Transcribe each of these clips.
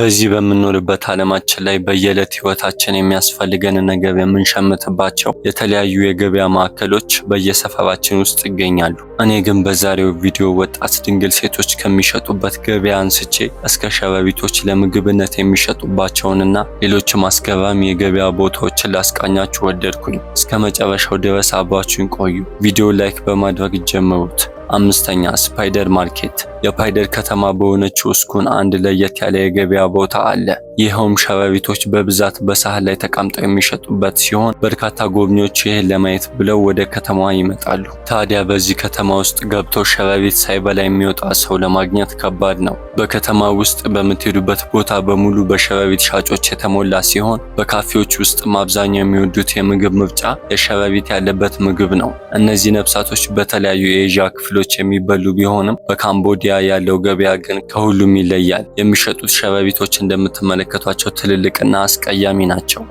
በዚህ በምንኖርበት ዓለማችን ላይ በየዕለት ህይወታችን የሚያስፈልገን ነገር የምንሸምትባቸው የተለያዩ የገበያ ማዕከሎች በየሰፈራችን ውስጥ ይገኛሉ። እኔ ግን በዛሬው ቪዲዮ ወጣት ድንግል ሴቶች ከሚሸጡበት ገበያ አንስቼ እስከ ሸበቢቶች ለምግብነት የሚሸጡባቸውንና ሌሎችም አስገራሚ የገበያ ቦታዎችን ላስቃኛችሁ ወደድኩኝ። እስከ መጨረሻው ድረስ አብራችሁን ቆዩ። ቪዲዮ ላይክ በማድረግ ጀምሩት። አምስተኛ ስፓይደር ማርኬት የፓይደር ከተማ በሆነች ውስኩን አንድ ለየት ያለ የገበያ ቦታ አለ። ይኸውም ሸረሪቶች በብዛት በሳህል ላይ ተቀምጠው የሚሸጡበት ሲሆን በርካታ ጎብኚዎች ይህን ለማየት ብለው ወደ ከተማዋ ይመጣሉ። ታዲያ በዚህ ከተማ ውስጥ ገብቶ ሸረሪት ሳይበላ የሚወጣ ሰው ለማግኘት ከባድ ነው። በከተማ ውስጥ በምትሄዱበት ቦታ በሙሉ በሸረሪት ሻጮች የተሞላ ሲሆን በካፌዎች ውስጥ አብዛኛው የሚወዱት የምግብ ምርጫ የሸረሪት ያለበት ምግብ ነው። እነዚህ ነብሳቶች በተለያዩ የኤዥያ ክፍሎች እህሎች የሚበሉ ቢሆንም በካምቦዲያ ያለው ገበያ ግን ከሁሉም ይለያል። የሚሸጡት ሸበቢቶች እንደምትመለከቷቸው ትልልቅና አስቀያሚ ናቸው።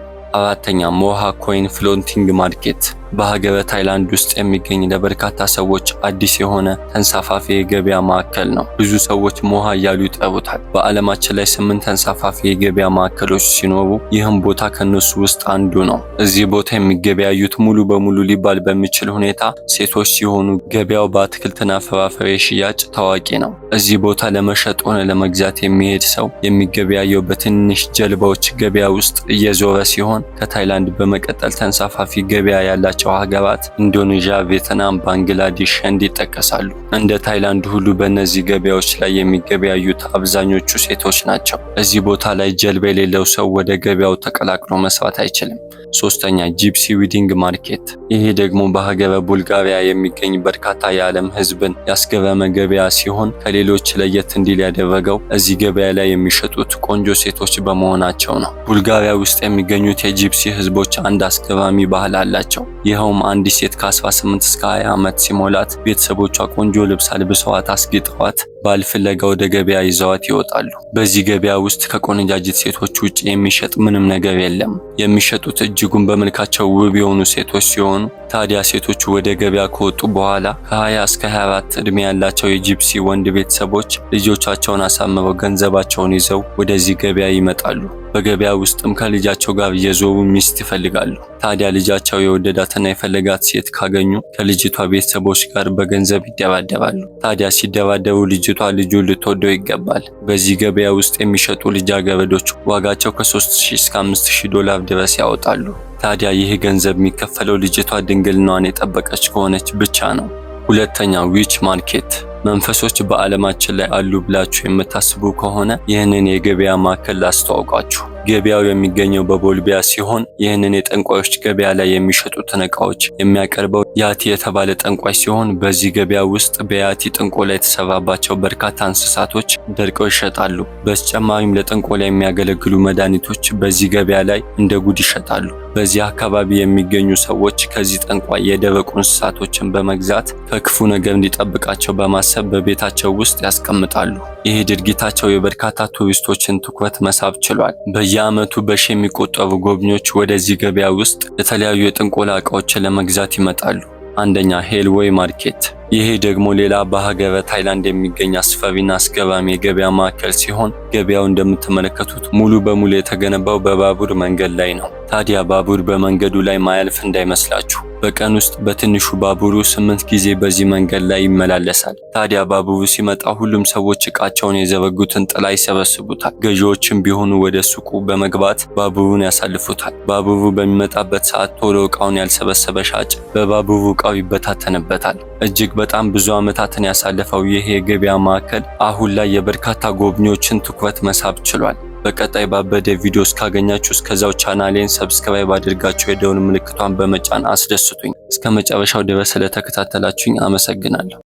አራተኛ ሞሃ ኮይን ፍሎንቲንግ ማርኬት በሀገረ ታይላንድ ውስጥ የሚገኝ ለበርካታ ሰዎች አዲስ የሆነ ተንሳፋፊ የገበያ ማዕከል ነው። ብዙ ሰዎች ሞሃ እያሉ ይጠሩታል። በዓለማችን ላይ ስምንት ተንሳፋፊ የገበያ ማዕከሎች ሲኖሩ ይህም ቦታ ከነሱ ውስጥ አንዱ ነው። እዚህ ቦታ የሚገበያዩት ሙሉ በሙሉ ሊባል በሚችል ሁኔታ ሴቶች ሲሆኑ ገበያው በአትክልትና ፍራፍሬ ሽያጭ ታዋቂ ነው። እዚህ ቦታ ለመሸጥ ሆነ ለመግዛት የሚሄድ ሰው የሚገበያየው በትንሽ ጀልባዎች ገበያ ውስጥ እየዞረ ሲሆን ከታይላንድ በመቀጠል ተንሳፋፊ ገበያ ያላቸው መሸጫው ሀገራት ኢንዶኔዥያ፣ ቬትናም፣ ባንግላዴሽ፣ ህንድ ይጠቀሳሉ። እንደ ታይላንድ ሁሉ በእነዚህ ገበያዎች ላይ የሚገበያዩት አብዛኞቹ ሴቶች ናቸው። እዚህ ቦታ ላይ ጀልባ የሌለው ሰው ወደ ገበያው ተቀላቅሎ መስራት አይችልም። ሶስተኛ ጂፕሲ ዊዲንግ ማርኬት፣ ይሄ ደግሞ በሀገረ ቡልጋሪያ የሚገኝ በርካታ የዓለም ህዝብን ያስገረመ ገበያ ሲሆን ከሌሎች ለየት እንዲል ያደረገው እዚህ ገበያ ላይ የሚሸጡት ቆንጆ ሴቶች በመሆናቸው ነው። ቡልጋሪያ ውስጥ የሚገኙት የጂፕሲ ህዝቦች አንድ አስገራሚ ባህል አላቸው። ይኸውም አንዲት ሴት ከ18 እስከ 20 ዓመት ሲሞላት ቤተሰቦቿ ቆንጆ ልብስ አልብሰዋት አስጌጠዋት ባል ፍለጋ ወደ ገበያ ይዘዋት ይወጣሉ። በዚህ ገበያ ውስጥ ከቆነጃጅት ሴቶች ውጭ የሚሸጥ ምንም ነገር የለም። የሚሸጡት እጅጉን በመልካቸው ውብ የሆኑ ሴቶች ሲሆኑ ታዲያ ሴቶቹ ወደ ገበያ ከወጡ በኋላ ከ20 እስከ 24 ዕድሜ ያላቸው የጂፕሲ ወንድ ቤተሰቦች ልጆቻቸውን አሳምረው ገንዘባቸውን ይዘው ወደዚህ ገበያ ይመጣሉ። በገበያ ውስጥም ከልጃቸው ጋር እየዞሩ ሚስት ይፈልጋሉ። ታዲያ ልጃቸው የወደዳትና የፈለጋት ሴት ካገኙ ከልጅቷ ቤተሰቦች ጋር በገንዘብ ይደባደባሉ። ታዲያ ሲደባደቡ ልጅቷ ልጁ ልትወደው ይገባል። በዚህ ገበያ ውስጥ የሚሸጡ ልጃገረዶች ዋጋቸው ከ3000 እስከ 5000 ዶላር ድረስ ያወጣሉ። ታዲያ ይህ ገንዘብ የሚከፈለው ልጅቷ ድንግልናዋን የጠበቀች ከሆነች ብቻ ነው። ሁለተኛ ዊች ማርኬት መንፈሶች በዓለማችን ላይ አሉ ብላችሁ የምታስቡ ከሆነ ይህንን የገበያ ማዕከል ላስተዋውቃችሁ። ገበያው የሚገኘው በቦልቢያ ሲሆን ይህንን የጠንቋዮች ገበያ ላይ የሚሸጡትን እቃዎች የሚያቀርበው ያቲ የተባለ ጠንቋይ ሲሆን በዚህ ገበያ ውስጥ በያቲ ጥንቆላ የተሰራባቸው በርካታ እንስሳቶች ደርቀው ይሸጣሉ። በተጨማሪም ለጥንቆላ የሚያገለግሉ መድኃኒቶች በዚህ ገበያ ላይ እንደ ጉድ ይሸጣሉ። በዚህ አካባቢ የሚገኙ ሰዎች ከዚህ ጠንቋይ የደረቁ እንስሳቶችን በመግዛት ከክፉ ነገር እንዲጠብቃቸው በማስ በማሰብ በቤታቸው ውስጥ ያስቀምጣሉ። ይህ ድርጊታቸው የበርካታ ቱሪስቶችን ትኩረት መሳብ ችሏል። በየዓመቱ በሺ የሚቆጠሩ ጎብኚዎች ወደዚህ ገበያ ውስጥ የተለያዩ የጥንቆላ ዕቃዎችን ለመግዛት ይመጣሉ። አንደኛ ሄልዌይ ማርኬት። ይሄ ደግሞ ሌላ በሀገረ ታይላንድ የሚገኝ አስፈሪና አስገራሚ የገበያ ማዕከል ሲሆን ገበያው እንደምትመለከቱት ሙሉ በሙሉ የተገነባው በባቡር መንገድ ላይ ነው። ታዲያ ባቡር በመንገዱ ላይ ማያልፍ እንዳይመስላችሁ። በቀን ውስጥ በትንሹ ባቡሩ ስምንት ጊዜ በዚህ መንገድ ላይ ይመላለሳል። ታዲያ ባቡሩ ሲመጣ ሁሉም ሰዎች እቃቸውን የዘበጉትን ጥላ ይሰበስቡታል። ገዢዎችም ቢሆኑ ወደ ሱቁ በመግባት ባቡሩን ያሳልፉታል። ባቡሩ በሚመጣበት ሰዓት ቶሎ እቃውን ያልሰበሰበ ሻጭ በባቡሩ እቃው ይበታተንበታል። እጅግ በጣም ብዙ ዓመታትን ያሳለፈው ይህ የገበያ ማዕከል አሁን ላይ የበርካታ ጎብኚዎችን ትኩረት መሳብ ችሏል። በቀጣይ ባበደ ቪዲዮ እስካገኛችሁ እስከዛው ቻናሌን ሰብስክራይብ አድርጋችሁ የደውን ምልክቷን በመጫን አስደስቱኝ። እስከ መጨረሻው ድረስ ስለተከታተላችሁኝ አመሰግናለሁ።